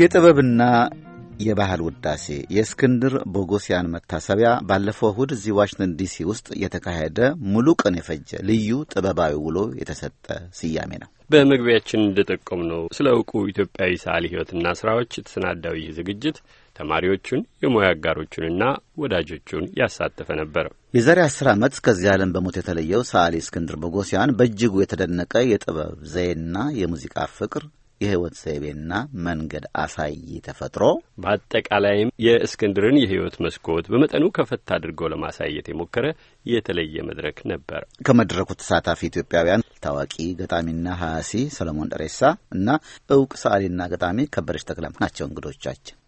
የጥበብና የባህል ውዳሴ የእስክንድር ቦጎሲያን መታሰቢያ ባለፈው እሁድ እዚህ ዋሽንግተን ዲሲ ውስጥ የተካሄደ ሙሉ ቀን የፈጀ ልዩ ጥበባዊ ውሎ የተሰጠ ስያሜ ነው። በመግቢያችን እንደጠቆም ነው ስለ እውቁ ኢትዮጵያዊ ሰዓሊ ሕይወትና ስራዎች የተሰናዳው ይህ ዝግጅት ተማሪዎቹን የሙያ አጋሮቹንና ወዳጆቹን ያሳተፈ ነበር። የዛሬ አስር ዓመት ከዚህ ዓለም በሞት የተለየው ሰዓሊ እስክንድር ቦጎሲያን በእጅጉ የተደነቀ የጥበብ ዘዬና የሙዚቃ ፍቅር የህይወት ዘይቤና መንገድ አሳይ ተፈጥሮ በአጠቃላይም የእስክንድርን የህይወት መስኮት በመጠኑ ከፈት አድርጎ ለማሳየት የሞከረ የተለየ መድረክ ነበር። ከመድረኩ ተሳታፊ ኢትዮጵያውያን ታዋቂ ገጣሚና ሀያሲ ሰለሞን ደሬሳ እና እውቅ ሰዓሊና ገጣሚ ከበደች ተክለም ናቸው እንግዶቻችን።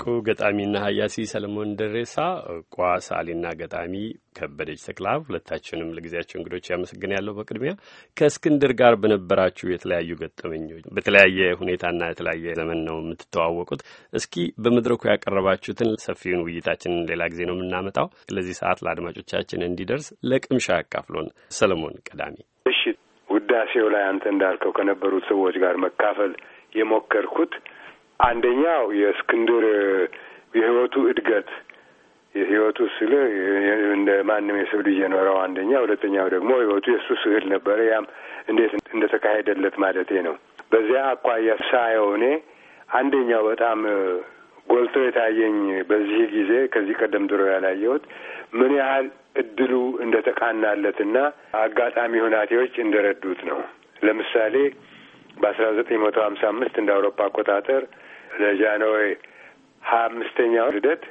እውቁ ገጣሚና ሀያሲ ሰለሞን ደሬሳ፣ እቋ ሰዓሊና ገጣሚ ከበደች ተክላብ ሁለታችንም ለጊዜያቸው እንግዶች ያመሰግን ያለው። በቅድሚያ ከእስክንድር ጋር በነበራችሁ የተለያዩ ገጠመኞች በተለያየ ሁኔታና የተለያየ ዘመን ነው የምትተዋወቁት። እስኪ በመድረኩ ያቀረባችሁትን ሰፊውን ውይይታችንን ሌላ ጊዜ ነው የምናመጣው። ለዚህ ሰዓት ለአድማጮቻችን እንዲደርስ ለቅምሻ ያካፍሎን። ሰለሞን ቀዳሚ። እሺ፣ ውዳሴው ላይ አንተ እንዳልከው ከነበሩት ሰዎች ጋር መካፈል የሞከርኩት አንደኛው የእስክንድር የህይወቱ እድገት የህይወቱ ስል እንደ ማንም የሰው ልጅ የኖረው አንደኛ፣ ሁለተኛው ደግሞ ህይወቱ የእሱ ስዕል ነበረ። ያም እንዴት እንደተካሄደለት ማለቴ ነው። በዚያ አኳያ ሳየው እኔ አንደኛው በጣም ጎልቶ የታየኝ በዚህ ጊዜ ከዚህ ቀደም ድሮ ያላየሁት ምን ያህል እድሉ እንደተቃናለትና አጋጣሚ ሁናቴዎች እንደረዱት ነው። ለምሳሌ በአስራ ዘጠኝ መቶ ሀምሳ አምስት እንደ አውሮፓ አቆጣጠር ለጃንሆይ ሀያ አምስተኛው ልደት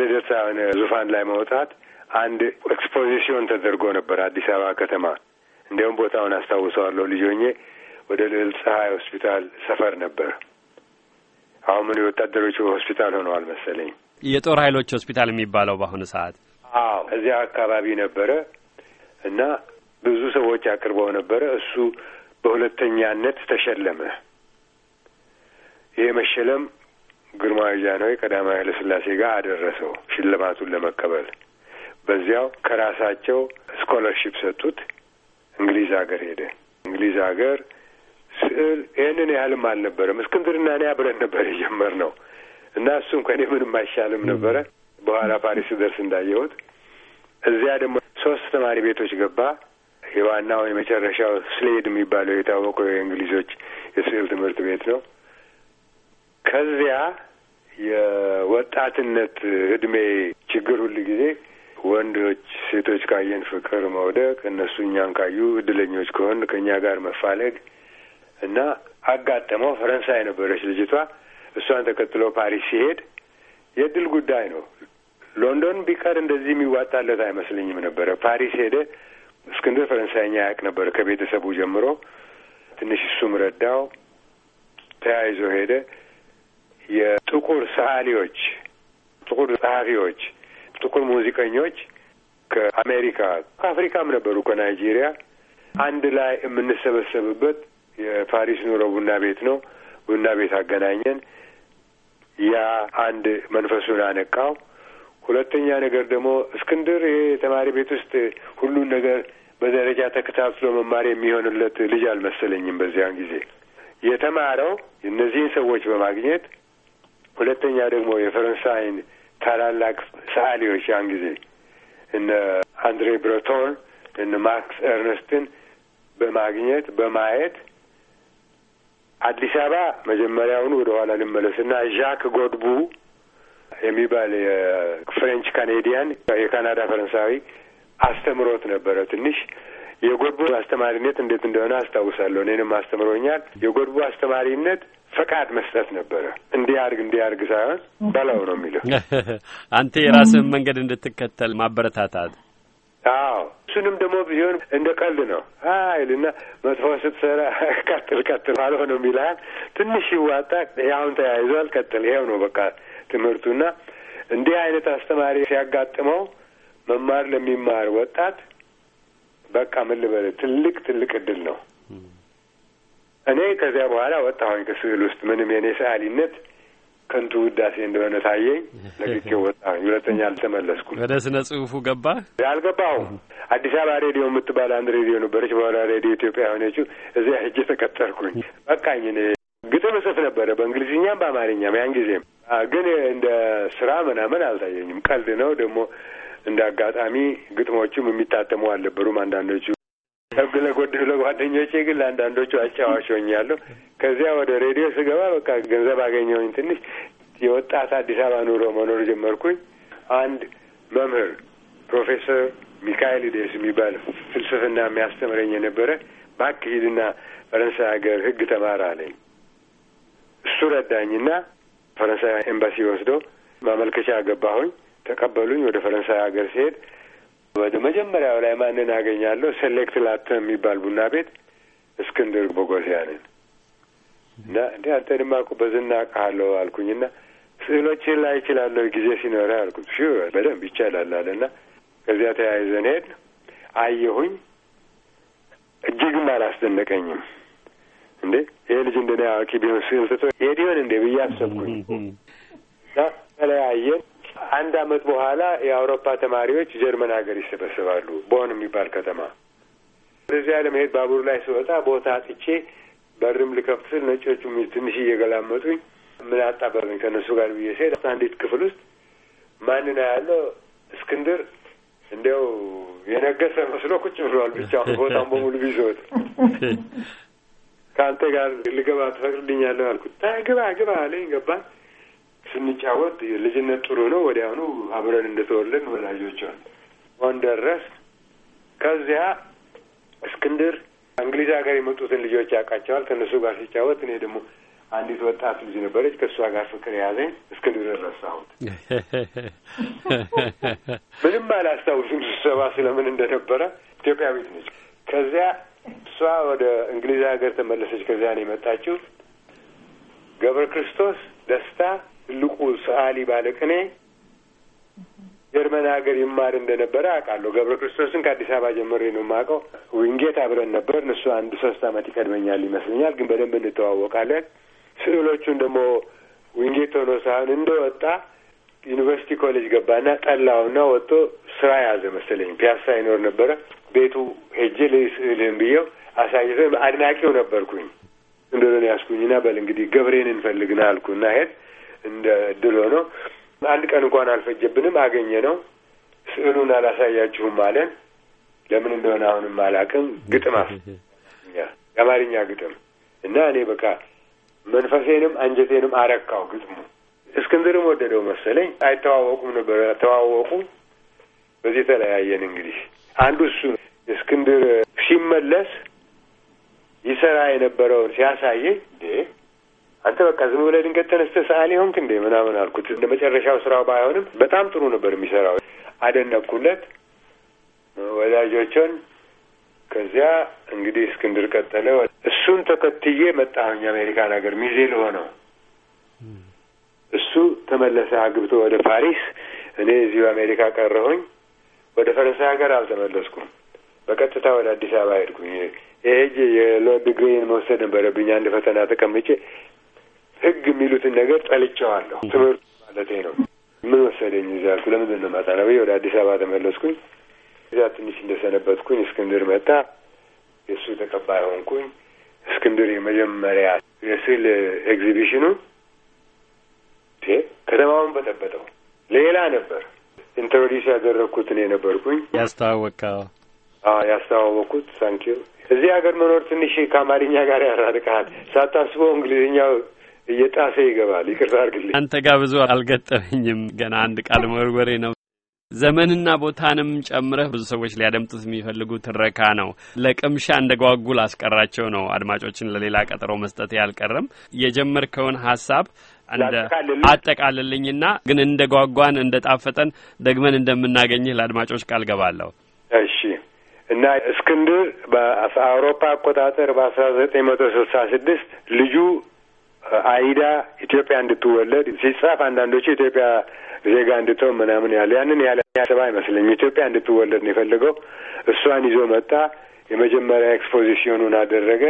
ልደት ዙፋን ላይ መውጣት አንድ ኤክስፖዚሽን ተደርጎ ነበር አዲስ አበባ ከተማ። እንዲያውም ቦታውን አስታውሰዋለሁ። ልጆኜ ወደ ልዕል ፀሐይ ሆስፒታል ሰፈር ነበር። አሁን ምን የወታደሮቹ ሆስፒታል ሆነዋል መሰለኝ፣ የጦር ኃይሎች ሆስፒታል የሚባለው በአሁኑ ሰዓት። አዎ እዚያ አካባቢ ነበረ እና ብዙ ሰዎች አቅርበው ነበረ። እሱ በሁለተኛነት ተሸለመ። ይሄ መሸለም ግርማዊ ጃንሆይ ቀዳማዊ ኃይለሥላሴ ጋር አደረሰው ሽልማቱን ለመቀበል በዚያው ከራሳቸው ስኮለርሺፕ ሰጡት። እንግሊዝ ሀገር ሄደ። እንግሊዝ ሀገር ስዕል ይህንን ያህልም አልነበረም። እስክንድርና እኔ አብረን ነበር ነው። እና እሱም ከኔ ምንም አይሻልም ነበረ። በኋላ ፓሪስ ደርስ እንዳየሁት እዚያ ደግሞ ሶስት ተማሪ ቤቶች ገባ። የዋናው የመጨረሻው ስሌድ የሚባለው የታወቀው የእንግሊዞች የስዕል ትምህርት ቤት ነው። ከዚያ የወጣትነት እድሜ ችግር ሁሉ ጊዜ ወንዶች ሴቶች ካየን ፍቅር መውደቅ፣ እነሱ እኛን ካዩ እድለኞች ከሆን ከእኛ ጋር መፋለግ እና አጋጠመው። ፈረንሳይ ነበረች ልጅቷ። እሷን ተከትሎ ፓሪስ ሲሄድ የእድል ጉዳይ ነው። ሎንዶን ቢቀር እንደዚህ የሚዋጣለት አይመስለኝም ነበረ። ፓሪስ ሄደ። እስክንድር ፈረንሳይኛ ያውቅ ነበር ከቤተሰቡ ጀምሮ። ትንሽ እሱም ረዳው፣ ተያይዞ ሄደ። የጥቁር ሰዓሊዎች፣ ጥቁር ጸሐፊዎች፣ ጥቁር ሙዚቀኞች ከአሜሪካ ከአፍሪካም ነበሩ ከናይጄሪያ አንድ ላይ የምንሰበሰብበት የፓሪስ ኑሮ ቡና ቤት ነው። ቡና ቤት አገናኘን። ያ አንድ መንፈሱን አነቃው። ሁለተኛ ነገር ደግሞ እስክንድር ይሄ ተማሪ ቤት ውስጥ ሁሉን ነገር በደረጃ ተከታትሎ መማር የሚሆንለት ልጅ አልመሰለኝም። በዚያን ጊዜ የተማረው እነዚህን ሰዎች በማግኘት ሁለተኛ ደግሞ የፈረንሳይን ታላላቅ ሰዓሊዎች ያን ጊዜ እነ አንድሬ ብረቶን እነ ማክስ ኤርነስትን በማግኘት በማየት አዲስ አበባ መጀመሪያውን ወደ ኋላ እና ዣክ ጎድቡ የሚባል የፍሬንች ካኔዲያን የካናዳ ፈረንሳዊ አስተምሮት ነበረ። ትንሽ የጎድቡ አስተማሪነት እንዴት እንደሆነ አስታውሳለሁ። እኔንም አስተምሮኛል። የጎድቡ አስተማሪነት ፈቃድ መስጠት ነበረ። እንዲያድግ እንዲያድግ ሳይሆን በለው ነው የሚለው። አንተ የራስህን መንገድ እንድትከተል ማበረታታት። አዎ እሱንም ደግሞ ቢሆን እንደ ቀልድ ነው ሀይልና መጥፎ ስትሰራ ቀጥል ቀጥል አልሆነ የሚልሃል ትንሽ ይዋጣ ያሁን ተያይዟል ቀጥል ይሄው ነው በቃ ትምህርቱና እንዲህ አይነት አስተማሪ ሲያጋጥመው መማር ለሚማር ወጣት በቃ ምን ልበልህ ትልቅ ትልቅ እድል ነው። እኔ ከዚያ በኋላ ወጣሁኝ ከስዕል ውስጥ። ምንም የኔ ሰዓሊነት ከንቱ ውዳሴ እንደሆነ ታየኝ። ለግኬ ወጣሁኝ። ሁለተኛ አልተመለስኩም። ወደ ስነ ጽሁፉ ገባ አልገባሁም። አዲስ አበባ ሬዲዮ የምትባል አንድ ሬዲዮ ነበረች። በኋላ ሬዲዮ ኢትዮጵያ የሆነችው እዚያ ሄጄ ተቀጠርኩኝ። በቃኝ። እኔ ግጥም እጽፍ ነበረ በእንግሊዝኛም በአማርኛም። ያን ጊዜም ግን እንደ ስራ ምናምን አልታየኝም። ቀልድ ነው ደግሞ እንደ አጋጣሚ ግጥሞቹም የሚታተሙ አልነበሩም። አንዳንዶቹ ህግ ለጎደሉ ለጓደኞቼ ግን ለአንዳንዶቹ አጫዋች ሆኛለሁ። ከዚያ ወደ ሬዲዮ ስገባ በቃ ገንዘብ አገኘሁኝ። ትንሽ የወጣት አዲስ አበባ ኑሮ መኖር ጀመርኩኝ። አንድ መምህር ፕሮፌሰር ሚካኤል ደስ የሚባል ፍልስፍና የሚያስተምረኝ የነበረ እባክህ ሂድና ፈረንሳይ ሀገር ህግ ተማር አለኝ። እሱ ረዳኝና ፈረንሳይ ኤምባሲ ወስዶ ማመልከቻ ገባሁኝ። ተቀበሉኝ። ወደ ፈረንሳይ ሀገር ሲሄድ መጀመሪያው ላይ ማንን አገኛለሁ? ሴሌክት ላተ የሚባል ቡና ቤት እስክንድር ቦጎሲያንን እና እንዲ አንተ ድማ እኮ በዝና አልኩኝ። ና ስዕሎችን ላይ ይችላለሁ ጊዜ ሲኖረ አልኩት። ሽ በደንብ ይቻላል ና ከዚያ ተያይዘን ሄድ አየሁኝ። እጅግም አላስደነቀኝም። እንዴ ይህ ልጅ እንደ አዋቂ ቢሆን ስዕል ትቶ ሄድ ይሆን እንዴ ብዬ አሰብኩኝ። ና ተለያየን። አንድ አመት በኋላ የአውሮፓ ተማሪዎች ጀርመን ሀገር ይሰበሰባሉ። ቦን የሚባል ከተማ። ወደዚያ ለመሄድ ባቡር ላይ ስወጣ ቦታ አጥቼ በርም ልከፍት ስል ነጮቹ ትንሽ እየገላመጡኝ ምን አጣበበኝ ከእነሱ ጋር ብዬ ስሄድ አንዲት ክፍል ውስጥ ማንን ያለው እስክንድር እንዲያው የነገሰ መስሎ ቁጭ ብሏል። ብቻውን ቦታውን በሙሉ ቢዞት ከአንተ ጋር ልገባ ትፈቅድልኛለህ አልኩት። ግባ ግባ አለኝ። ገባን። ስንጫወት ልጅነት ጥሩ ነው። ወዲያውኑ አብረን እንደተወለን ወላጆች ሆን ደረስ ከዚያ እስክንድር እንግሊዝ ሀገር የመጡትን ልጆች ያውቃቸዋል። ከእነሱ ጋር ሲጫወት እኔ ደግሞ አንዲት ወጣት ልጅ ነበረች። ከእሷ ጋር ፍቅር የያዘኝ እስክንድር ረሳሁት። ምንም አላስታውስም ስብሰባ ስለምን እንደነበረ። ቤት ነች። ከዚያ እሷ ወደ እንግሊዝ ሀገር ተመለሰች። ከዚያ ነው የመጣችው ገብረ ክርስቶስ ደስታ ትልቁ ሰዓሊ ባለቅኔ ጀርመን ሀገር ይማር እንደነበረ አውቃለሁ። ገብረ ክርስቶስን ከአዲስ አበባ ጀምሬ ነው የማውቀው። ዊንጌት አብረን ነበር። እሱ አንድ ሶስት ዓመት ይቀድመኛል ይመስለኛል፣ ግን በደንብ እንተዋወቃለን። ስዕሎቹን ደግሞ ዊንጌት ሆኖ ሳይሆን እንደወጣ ዩኒቨርሲቲ ኮሌጅ ገባና ጠላውና ወጥቶ ስራ ያዘ መሰለኝ። ፒያሳ ይኖር ነበረ። ቤቱ ሄጄ ልስዕልህን ብዬው አሳይተን አድናቂው ነበርኩኝ። እንደሆነ ያስኩኝና በል እንግዲህ ገብሬን እንፈልግና አልኩና ሄድ እንደ እድል ሆኖ አንድ ቀን እንኳን አልፈጀብንም። አገኘ ነው ስዕሉን አላሳያችሁም አለን። ለምን እንደሆነ አሁንም አላውቅም። ግጥም አስ የአማርኛ ግጥም እና እኔ በቃ መንፈሴንም አንጀቴንም አረካው ግጥሙ። እስክንድርም ወደደው መሰለኝ። አይተዋወቁም ነበር። ተዋወቁ። በዚህ ተለያየን። እንግዲህ አንዱ እሱ እስክንድር ሲመለስ ይሰራ የነበረውን ሲያሳየኝ አንተ በቃ ዝም ብለህ ድንገት ተነስተህ ሰዓሊ ሆንክ እንዴ ምናምን አልኩት። እንደ መጨረሻው ስራው ባይሆንም በጣም ጥሩ ነበር የሚሰራው። አደነኩለት ወዳጆችን። ከዚያ እንግዲህ እስክንድር ቀጠለ። እሱን ተከትዬ መጣሁኝ አሜሪካን ሀገር ሚዜ ልሆነው። እሱ ተመለሰ አግብቶ ወደ ፓሪስ፣ እኔ እዚሁ አሜሪካ ቀረሁኝ። ወደ ፈረንሳይ ሀገር አልተመለስኩም። በቀጥታ ወደ አዲስ አበባ ሄድኩኝ። ይሄ የሎ ዲግሪን መውሰድ ነበረብኝ። አንድ ፈተና ተቀምጬ ህግ የሚሉትን ነገር ጠልቼዋለሁ። ትምህርቱ ማለቴ ነው። ምን ወሰደኝ እዚያ ያልኩ ለምንድን ነው መጣ ብዬ ወደ አዲስ አበባ ተመለስኩኝ። እዚያ ትንሽ እንደሰነበትኩኝ እስክንድር መጣ። የእሱ ተቀባይ ሆንኩኝ። እስክንድር የመጀመሪያ የስዕል ኤግዚቢሽኑ ከተማውን በጠበጠው። ሌላ ነበር ኢንትሮዲስ ያደረግኩት እኔ ነበርኩኝ። ያስተዋወቅከው? አዎ ያስተዋወቅኩት። ሳንኪዩ እዚህ ሀገር መኖር ትንሽ ከአማርኛ ጋር ያራርቀሃል። ሳታስበው እንግሊዝኛው እየጣሰ ይገባል። ይቅርታ አድርግልኝ። አንተ ጋር ብዙ አልገጠመኝም። ገና አንድ ቃል መወርወሬ ነው። ዘመንና ቦታንም ጨምረህ ብዙ ሰዎች ሊያደምጡት የሚፈልጉ ትረካ ነው። ለቅምሻ እንደ ጓጉል አስቀራቸው ነው አድማጮችን ለሌላ ቀጠሮ መስጠት ያልቀረም የጀመርከውን ሀሳብ አጠቃልልኝና ግን እንደ ጓጓን እንደ ጣፈጠን ደግመን እንደምናገኝህ ለአድማጮች ቃል ገባለሁ። እሺ እና እስክንድር በአውሮፓ አቆጣጠር በአስራ ዘጠኝ መቶ ስልሳ ስድስት ልጁ አይዳ ኢትዮጵያ እንድትወለድ ሲጻፍ አንዳንዶቹ ኢትዮጵያ ዜጋ እንድትሆን ምናምን ያለ ያንን ያለ ያሰባ አይመስለኝም። ኢትዮጵያ እንድትወለድ ነው የፈለገው። እሷን ይዞ መጣ። የመጀመሪያ ኤክስፖዚሽኑን አደረገ።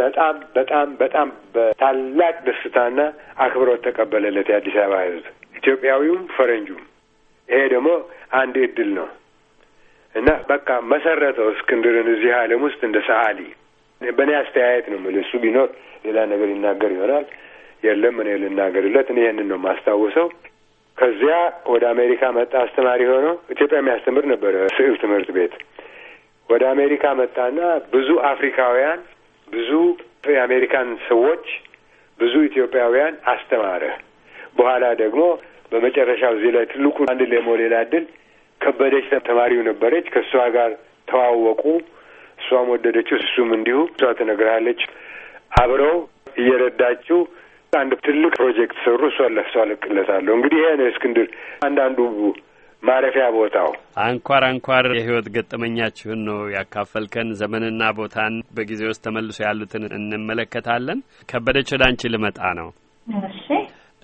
በጣም በጣም በጣም በታላቅ ደስታና አክብሮት ተቀበለለት የአዲስ አበባ ሕዝብ ኢትዮጵያዊውም ፈረንጁም። ይሄ ደግሞ አንድ እድል ነው እና በቃ መሰረተው እስክንድርን እዚህ ዓለም ውስጥ እንደ ሰዓሊ በእኔ አስተያየት ነው የምልህ። እሱ ቢኖር ሌላ ነገር ይናገር ይሆናል። የለም እኔ ልናገርለት። እኔ ይህንን ነው የማስታውሰው። ከዚያ ወደ አሜሪካ መጣ። አስተማሪ ሆኖ ኢትዮጵያ የሚያስተምር ነበረ፣ ስዕል ትምህርት ቤት። ወደ አሜሪካ መጣና ብዙ አፍሪካውያን፣ ብዙ የአሜሪካን ሰዎች፣ ብዙ ኢትዮጵያውያን አስተማረ። በኋላ ደግሞ በመጨረሻው እዚህ ላይ ትልቁ አንድ ሌሞ ሌላ ድል ከበደች ተማሪው ነበረች። ከእሷ ጋር ተዋወቁ። እሷም ወደደችው፣ እሱም እንዲሁ እሷ ትነግርሃለች። አብረው እየረዳችው አንድ ትልቅ ፕሮጀክት ሰሩ። እሷ ለሷ ልቅለታለሁ። እንግዲህ ይሄ ነው እስክንድር አንዳንዱ ማረፊያ ቦታው አንኳር አንኳር የህይወት ገጠመኛችሁን ነው ያካፈልከን። ዘመንና ቦታን በጊዜ ውስጥ ተመልሶ ያሉትን እንመለከታለን። ከበደች ወደ አንቺ ልመጣ ነው። እሺ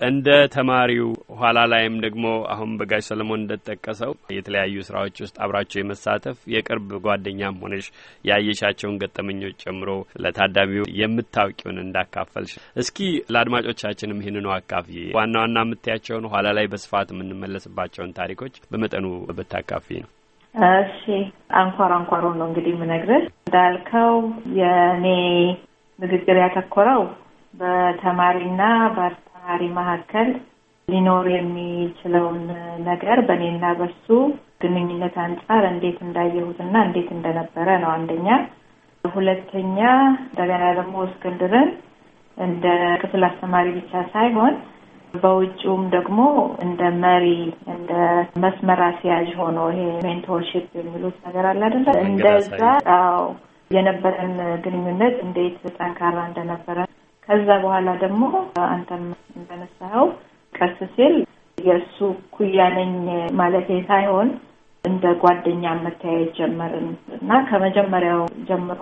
እንደ ተማሪው ኋላ ላይም ደግሞ አሁን በጋሽ ሰለሞን እንደተጠቀሰው የተለያዩ ስራዎች ውስጥ አብራቸው የመሳተፍ የቅርብ ጓደኛም ሆነሽ ያየሻቸውን ገጠመኞች ጨምሮ ለታዳሚው የምታውቂውን እንዳካፈልሽ እስኪ ለአድማጮቻችንም ይህንኑ አካፊ ዋና ዋና የምታያቸውን ኋላ ላይ በስፋት የምንመለስባቸውን ታሪኮች በመጠኑ ብታካፊ ነው። እሺ፣ አንኳር አንኳሩን ነው እንግዲህ የምነግርህ። እንዳልከው የእኔ ንግግር ያተኮረው በተማሪና በአርት ባህሪ መካከል ሊኖር የሚችለውን ነገር በእኔና በሱ ግንኙነት አንጻር እንዴት እንዳየሁትና እንዴት እንደነበረ ነው አንደኛ። ሁለተኛ እንደገና ደግሞ እስክንድርን እንደ ክፍል አስተማሪ ብቻ ሳይሆን በውጭውም ደግሞ እንደ መሪ እንደ መስመር አስያዥ ሆኖ ይሄ ሜንቶርሽፕ የሚሉት ነገር አለ አይደለ? እንደዛ የነበረን ግንኙነት እንዴት ጠንካራ እንደነበረ ከዛ በኋላ ደግሞ አንተም እንደነሳኸው ቀስ ሲል የእሱ ኩያ ነኝ ማለት ሳይሆን እንደ ጓደኛ መተያየት ጀመርን እና ከመጀመሪያው ጀምሮ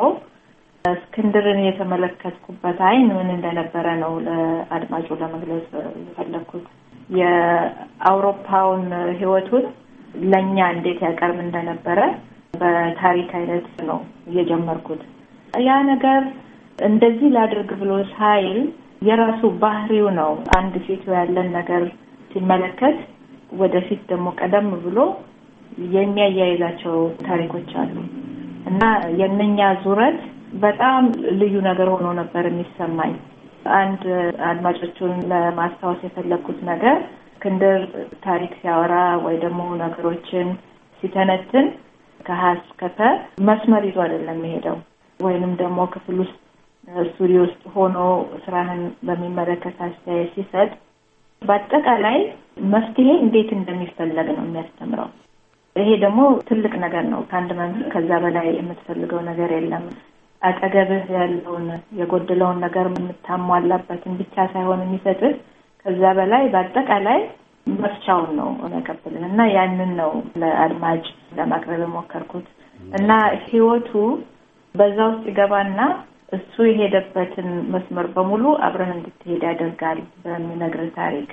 እስክንድርን የተመለከትኩበት አይን ምን እንደነበረ ነው ለአድማጩ ለመግለጽ የፈለግኩት። የአውሮፓውን ሕይወቱን ለእኛ እንዴት ያቀርብ እንደነበረ በታሪክ አይነት ነው እየጀመርኩት ያ ነገር እንደዚህ ላድርግ ብሎ ሳይል የራሱ ባህሪው ነው። አንድ ሴት ያለን ነገር ሲመለከት ወደፊት ደግሞ ቀደም ብሎ የሚያያይዛቸው ታሪኮች አሉ እና የነኛ ዙረት በጣም ልዩ ነገር ሆኖ ነበር የሚሰማኝ። አንድ አድማጮቹን ለማስታወስ የፈለግኩት ነገር ክንድር ታሪክ ሲያወራ ወይ ደግሞ ነገሮችን ሲተነትን ከሀ እስከ ፐ መስመር ይዞ አይደለም የሚሄደው ወይንም ደግሞ ክፍል ውስጥ ስቱዲ ውስጥ ሆኖ ስራህን በሚመለከት አስተያየት ሲሰጥ በአጠቃላይ መፍትሄ እንዴት እንደሚፈለግ ነው የሚያስተምረው። ይሄ ደግሞ ትልቅ ነገር ነው። ከአንድ መምህር ከዛ በላይ የምትፈልገው ነገር የለም። አጠገብህ ያለውን የጎደለውን ነገር የምታሟላበትን ብቻ ሳይሆን የሚሰጥህ ከዛ በላይ በአጠቃላይ መፍቻውን ነው ያቀብልን እና ያንን ነው ለአድማጭ ለማቅረብ የሞከርኩት እና ህይወቱ በዛ ውስጥ ይገባና እሱ የሄደበትን መስመር በሙሉ አብረህ እንድትሄድ ያደርጋል በሚነግርህ ታሪክ።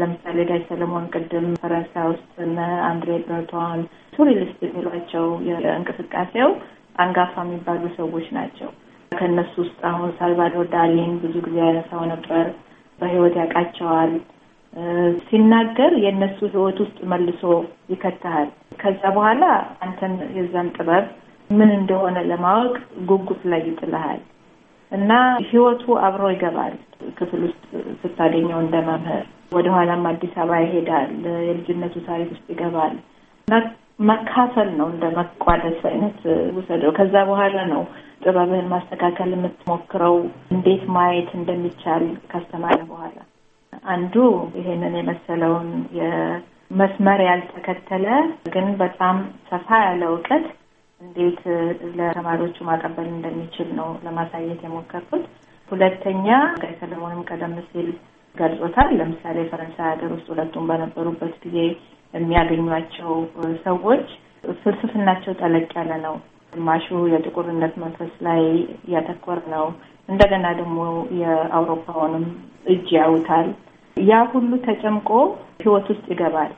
ለምሳሌ ዳጅ ሰለሞን ቅድም ፈረንሳይ ውስጥ እነ አንድሬ ብረቷን ሱሪሊስት የሚሏቸው የእንቅስቃሴው አንጋፋ የሚባሉ ሰዎች ናቸው። ከእነሱ ውስጥ አሁን ሳልቫዶር ዳሊን ብዙ ጊዜ ያነሳው ነበር። በህይወት ያውቃቸዋል። ሲናገር የእነሱ ህይወት ውስጥ መልሶ ይከተሃል። ከዛ በኋላ አንተን የዛን ጥበብ ምን እንደሆነ ለማወቅ ጉጉት ላይ ይጥልሃል እና ህይወቱ አብሮ ይገባል። ክፍል ውስጥ ስታገኘው እንደ መምህር ወደኋላም አዲስ አበባ ይሄዳል። የልጅነቱ ታሪክ ውስጥ ይገባል እና መካፈል ነው እንደ መቋደስ አይነት ውሰደው። ከዛ በኋላ ነው ጥበብህን ማስተካከል የምትሞክረው እንዴት ማየት እንደሚቻል ካስተማረ በኋላ አንዱ ይሄንን የመሰለውን የመስመር ያልተከተለ ግን በጣም ሰፋ ያለ እውቀት እንዴት ለተማሪዎቹ ማቀበል እንደሚችል ነው ለማሳየት የሞከርኩት። ሁለተኛ ከሰለሞንም ቀደም ሲል ገልጾታል። ለምሳሌ ፈረንሳይ ሀገር ውስጥ ሁለቱም በነበሩበት ጊዜ የሚያገኟቸው ሰዎች ፍልስፍናቸው ጠለቅ ያለ ነው። ግማሹ የጥቁርነት መንፈስ ላይ እያተኮረ ነው። እንደገና ደግሞ የአውሮፓውንም እጅ ያውታል። ያ ሁሉ ተጨምቆ ህይወት ውስጥ ይገባል።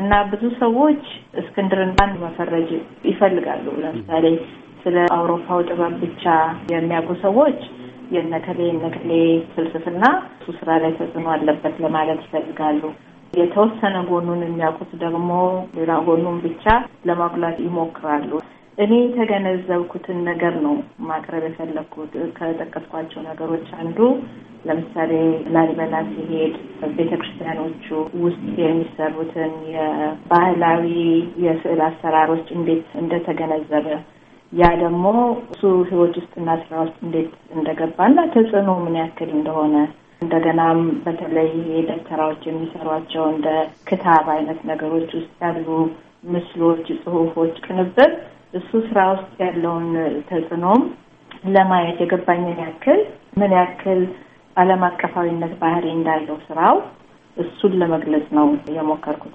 እና ብዙ ሰዎች እስክንድርን ባንድ መፈረጅ ይፈልጋሉ። ለምሳሌ ስለ አውሮፓው ጥበብ ብቻ የሚያውቁ ሰዎች የነከሌ ነከሌ ፍልስፍና እሱ ስራ ላይ ተጽዕኖ አለበት ለማለት ይፈልጋሉ። የተወሰነ ጎኑን የሚያውቁት ደግሞ ሌላ ጎኑን ብቻ ለማጉላት ይሞክራሉ። እኔ የተገነዘብኩትን ነገር ነው ማቅረብ የፈለግኩት። ከጠቀስኳቸው ነገሮች አንዱ ለምሳሌ ላሊበላ ሲሄድ ክርስቲያኖቹ ውስጥ የሚሰሩትን የባህላዊ የስዕል አሰራሮች እንዴት እንደተገነዘበ ያ ደግሞ እሱ ህይወት ውስጥና ስራ ውስጥ እንዴት እንደገባና ተጽዕኖ ምን ያክል እንደሆነ እንደገናም በተለይ ደብተራዎች የሚሰሯቸው እንደ ክታብ አይነት ነገሮች ውስጥ ያሉ ምስሎች፣ ጽሁፎች ቅንብር እሱ ስራ ውስጥ ያለውን ተጽዕኖም ለማየት የገባኝን ያክል ምን ያክል ዓለም አቀፋዊነት ባህሪ እንዳለው ስራው እሱን ለመግለጽ ነው የሞከርኩት።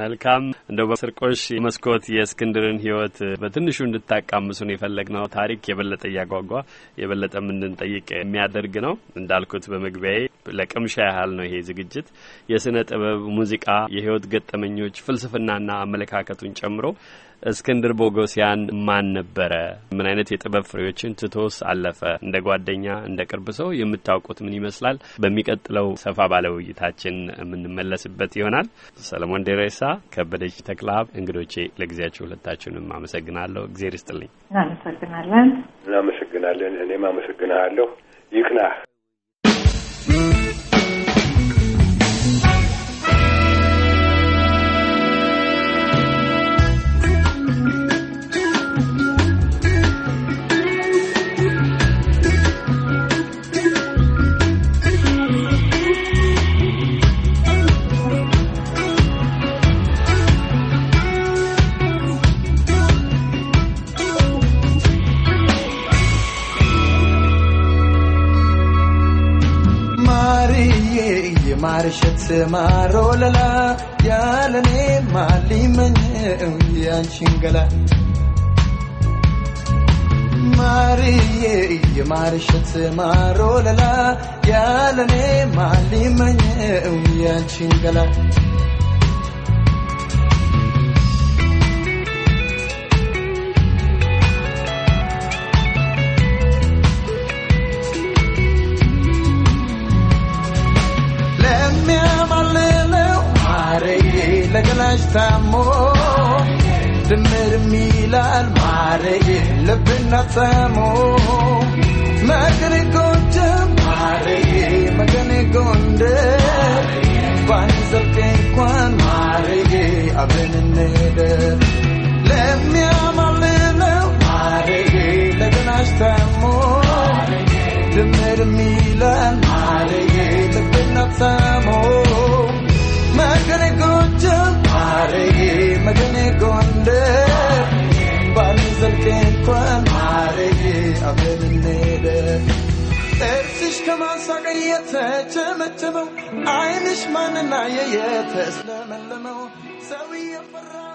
መልካም እንደው በስርቆሽ መስኮት የእስክንድርን ህይወት በትንሹ እንድታቃምሱን ነው ታሪክ የበለጠ እያጓጓ የበለጠ እንድንጠይቅ የሚያደርግ ነው። እንዳልኩት በመግቢያዬ ለቅምሻ ያህል ነው ይሄ ዝግጅት። የስነ ጥበብ፣ ሙዚቃ፣ የህይወት ገጠመኞች ፍልስፍናና አመለካከቱን ጨምሮ እስክንድር ቦጎሲያን ማን ነበረ? ምን አይነት የጥበብ ፍሬዎችን ትቶስ አለፈ? እንደ ጓደኛ፣ እንደ ቅርብ ሰው የምታውቁት ምን ይመስላል? በሚቀጥለው ሰፋ ባለ ውይይታችን የምንመለስበት ይሆናል። ሰለሞን ዴሬስ ከበደች ተክላብ እንግዶቼ፣ ለጊዜያቸው ሁለታችሁንም አመሰግናለሁ። እግዜር ይስጥልኝ። እናመሰግናለን። እናመሰግናለን። እኔም አመሰግናለሁ። ይክና ስማሮ ያለኔ ማሊመኘው ያንቺን ገላ ማርዬ የማርሸት ማሮ ያለኔ ማሊመኘው ያንቺን ገላ ለገላሽ ታሞ ድምር ሚላል ማረዬ ልብና ተሞ መገኔ ጎንደር ማረዬ መገኔ ጎንደር ባንዘልቀኝ ከማሳቀን የተቸመቸመው አይንሽ ማንና የየተስለመለመው ሰው የፈራ